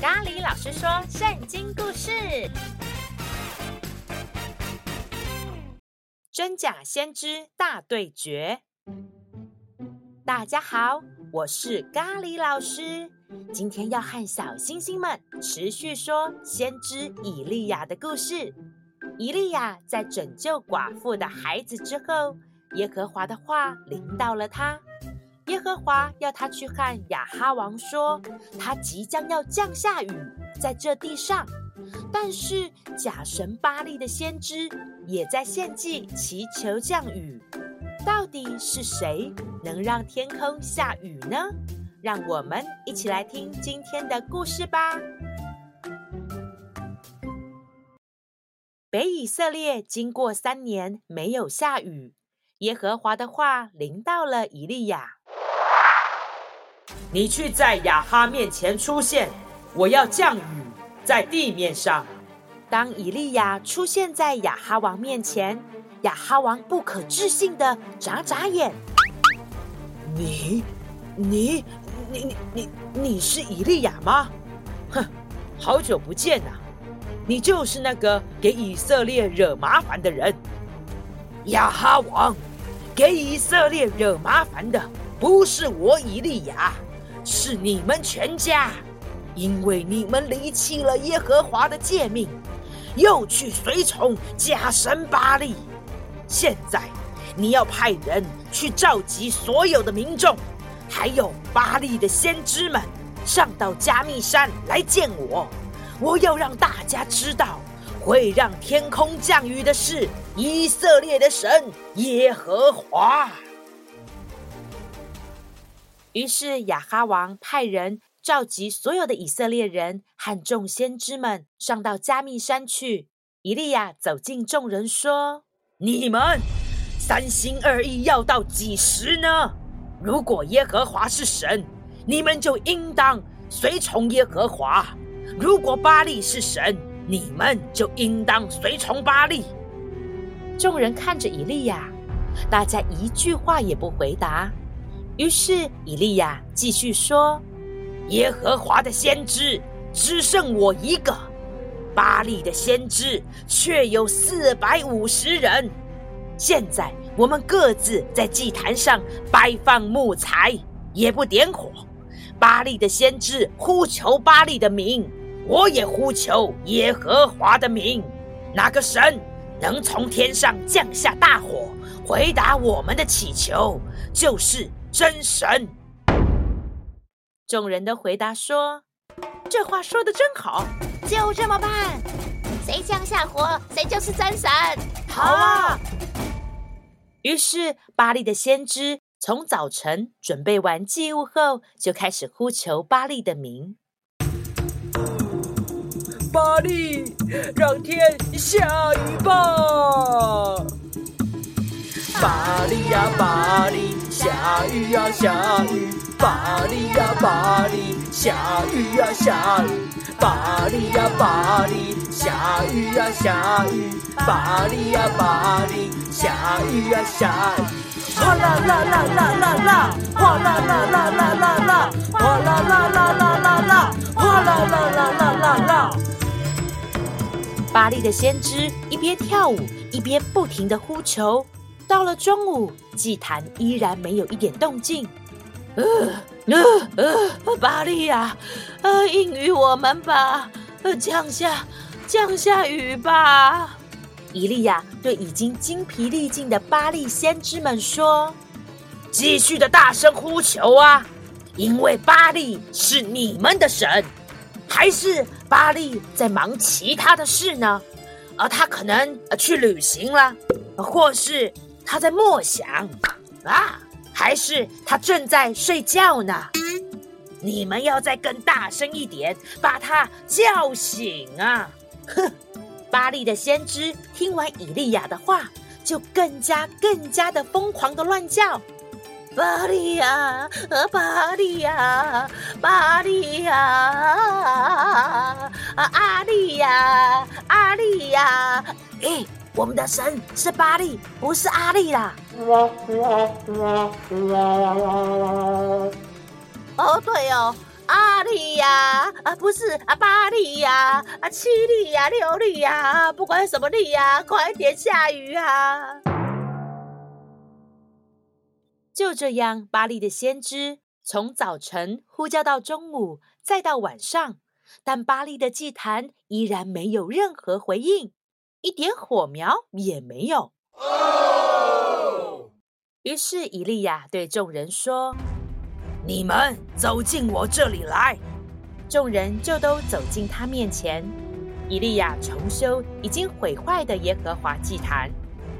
咖喱老師說：“聖經故事，真假先知大對決。”大家好，我是咖喱老師，今天要和小星星們持續說先知以利亞的故事。以利亞在拯救寡婦的孩子之後，耶和華的話臨到了他。耶和華要他去看亞哈王說：“他即將要降下雨在這地上。”但是假神巴力的先知也在獻祭祈求降雨。到底是誰能讓天空下雨呢？讓我們一起來聽今天的故事吧。北以色列經過三年沒有下雨，耶和華的話臨到了以利亞。你去在亞哈面前出現，我要降雨在地面上。當以利亞出現在亞哈王面前，亞哈王不可置信地眨眨眼：“你，你，你，你，你，你，你是以利亞嗎？哼，好久不見吶、啊！你就是那個給以色列惹麻煩的人，亞哈王。給以色列惹麻煩的不是我，以利亞。”是你們全家，因為你們離棄了耶和華的誡命，又去隨從假神巴力。現在，你要派人去召集所有的民眾，還有巴力的先知們，上到迦密山來見我。我要讓大家知道，會讓天空降雨的是以色列的神耶和華。於是亞哈王派人召集所有的以色列人和眾先知們，上到加密山去。以利亞走近眾人說：“你們三心二意要到幾時呢？如果耶和華是神，你們就應當隨從耶和華；如果巴力是神，你們就應當隨從巴力。”眾人看着以利亞，大家一句話也不回答。於是，以利亞繼續說：“耶和華的先知只剩我一個，巴力的先知卻有四百五十人。現在，我們各自在祭壇上擺放木材，也不點火。巴力的先知呼求巴力的名，我也呼求耶和華的名。哪個神能從天上降下大火？”回答我們的祈求，就是真神。眾人都回答說：“這話說得真好，就這麼辦，誰降下火，誰就是真神。”好啊。啊於是巴力的先知從早晨準備完祭物後，就開始呼求巴力的名：“巴力，讓天下雨吧。”巴力呀巴力，下雨呀、啊、下雨呀下雨！巴力呀巴力，下雨呀、啊、下雨！巴力呀巴力，下雨呀、啊、下雨！巴力呀巴力，下雨呀下雨！嘩啦啦啦啦啦啦！嘩啦啦啦啦啦啦！嘩啦啦啦啦啦啦！嘩啦啦啦啦啦啦！巴力的先知一邊跳舞，一邊不停的呼求。到了中午，祭壇依然沒有一點動靜。呃呃、巴力啊，呃、應允我們吧，呃、降下降下雨吧！以利亞對已經精疲力盡的巴力先知們說：“繼續的大聲呼求啊，因為巴力是你們的神，還是巴力在忙其他的事呢？而、啊、他可能、啊、去旅行了，啊、或是……”他在默想啊，還是他正在睡覺呢？嗯、你們要再更大聲一點，把他叫醒啊！哼，巴力的先知聽完以利亞的話，就更加更加的瘋狂的亂叫：巴力呀，巴力呀，巴力呀，啊利亞，阿利亞，哎我們的神是巴力，不是阿力啦！哦，對哦，阿力呀，啊，不是啊，巴力呀，啊，七力呀、啊，六力呀、啊，不管什麼力呀、啊，快點下雨啊！就這樣，巴力的先知從早晨呼叫到中午，再到晚上，但巴力的祭壇依然沒有任何回應。一點火苗也沒有。Oh! 於是以利亞對眾人說：“你們走進我這裡來。”眾人就都走進他面前。以利亞重修已經毀壞的耶和華祭壇。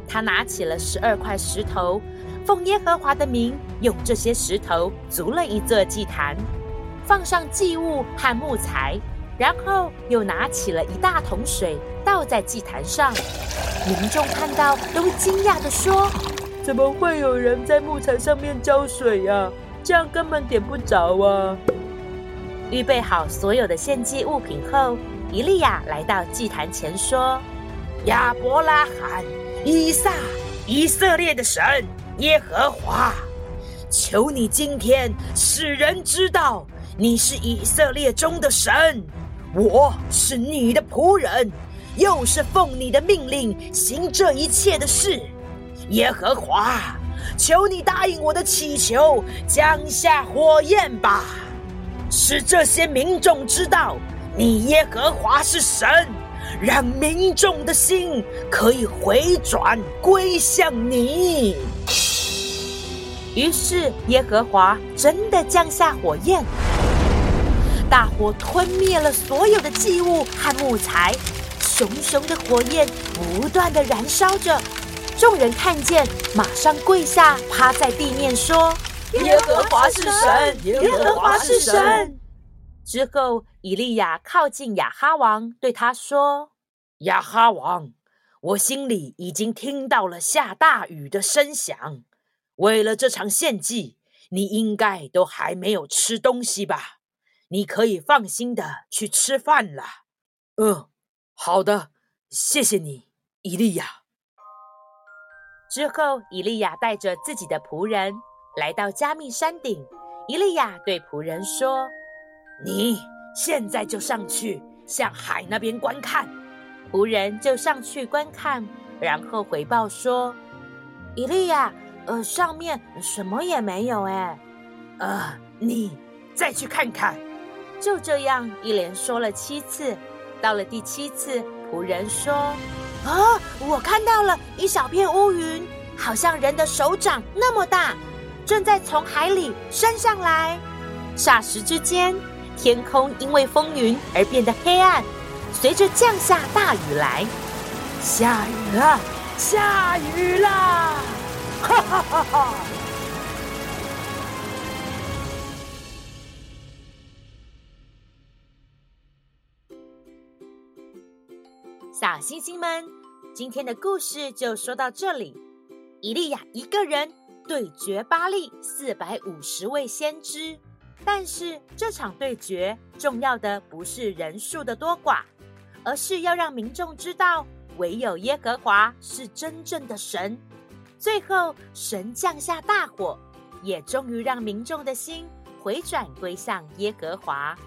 他拿起了十二塊石頭，奉耶和華的名，用這些石頭足了一座祭壇，放上祭物和木材。然後又拿起了一大桶水，倒在祭壇上。民眾看到都驚訝地說：“怎麼會有人在木材上面澆水呀、啊？這樣根本點不着啊！”預備好所有的獻祭物品後，以利亞來到祭壇前說：“亞伯拉罕、以撒、以色列的神耶和華，求你今天使人知道你是以色列中的神。”我是你的僕人，又是奉你的命令行這一切的事，耶和華，求你答應我的祈求，降下火焰吧，使這些民眾知道你耶和華是神，讓民眾的心可以回轉歸向你。於是耶和華真的降下火焰。大火吞滅了所有的祭物和木材，熊熊的火焰不斷的燃燒着。眾人看見，馬上跪下，趴在地面說：“耶和華是神，耶和華是神。”之後，以利亞靠近亞哈王，對他說：“亞哈王，我心裡已經聽到了下大雨的聲響。為了這場獻祭，你應該都還沒有吃東西吧？”你可以放心的去吃飯了。嗯，好的，謝謝你，以利亞。之後，以利亞帶着自己的僕人來到迦密山頂。以利亞對僕人說：“你現在就上去，向海那邊觀看。”僕人就上去觀看，然後回報說：“以利亞，呃，上面什麼也沒有，誒。呃，你再去看看。”就這樣一連說了七次，到了第七次，僕人說：“啊、哦，我看到了一小片烏雲，好像人的手掌那麼大，正在從海裡升上來。霎時之間，天空因為風雲而變得黑暗，隨着降下大雨來。下雨了，下雨了！”哈哈哈哈哈。小星星們，今天的故事就說到這裡。以利亞一個人對決巴力四百五十位先知，但是這場對決重要的不是人數的多寡，而是要讓民眾知道，唯有耶和華是真正的神。最後，神降下大火，也終於讓民眾的心回轉歸向耶和華。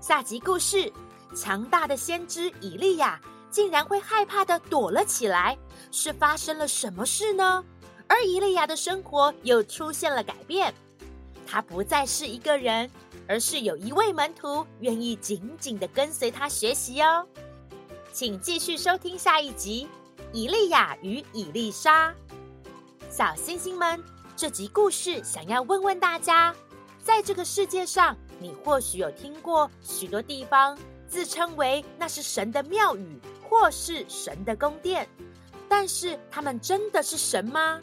下集故事：強大的先知以利亞，竟然會害怕的躲了起來，是發生了什麼事呢？而以利亞的生活又出現了改變，他不再是一個人，而是有一位門徒願意緊緊的跟隨他學習哦。請繼續收聽下一集《以利亞與以利沙》。小星星們，這集故事想要問問大家，在這個世界上，你或許有聽過許多地方自稱為那是神的廟宇。或是神的宮殿，但是他們真的是神嗎？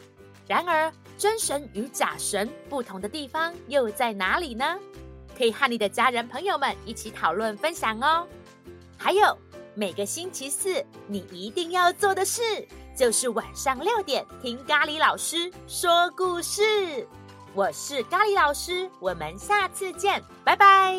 然而，真神與假神不同的地方又在哪裡呢？可以和你的家人朋友們一起討論分享哦。還有，每個星期四你一定要做的事就是晚上六點聽咖喱老師說故事。我是咖喱老師，我們下次見，拜拜。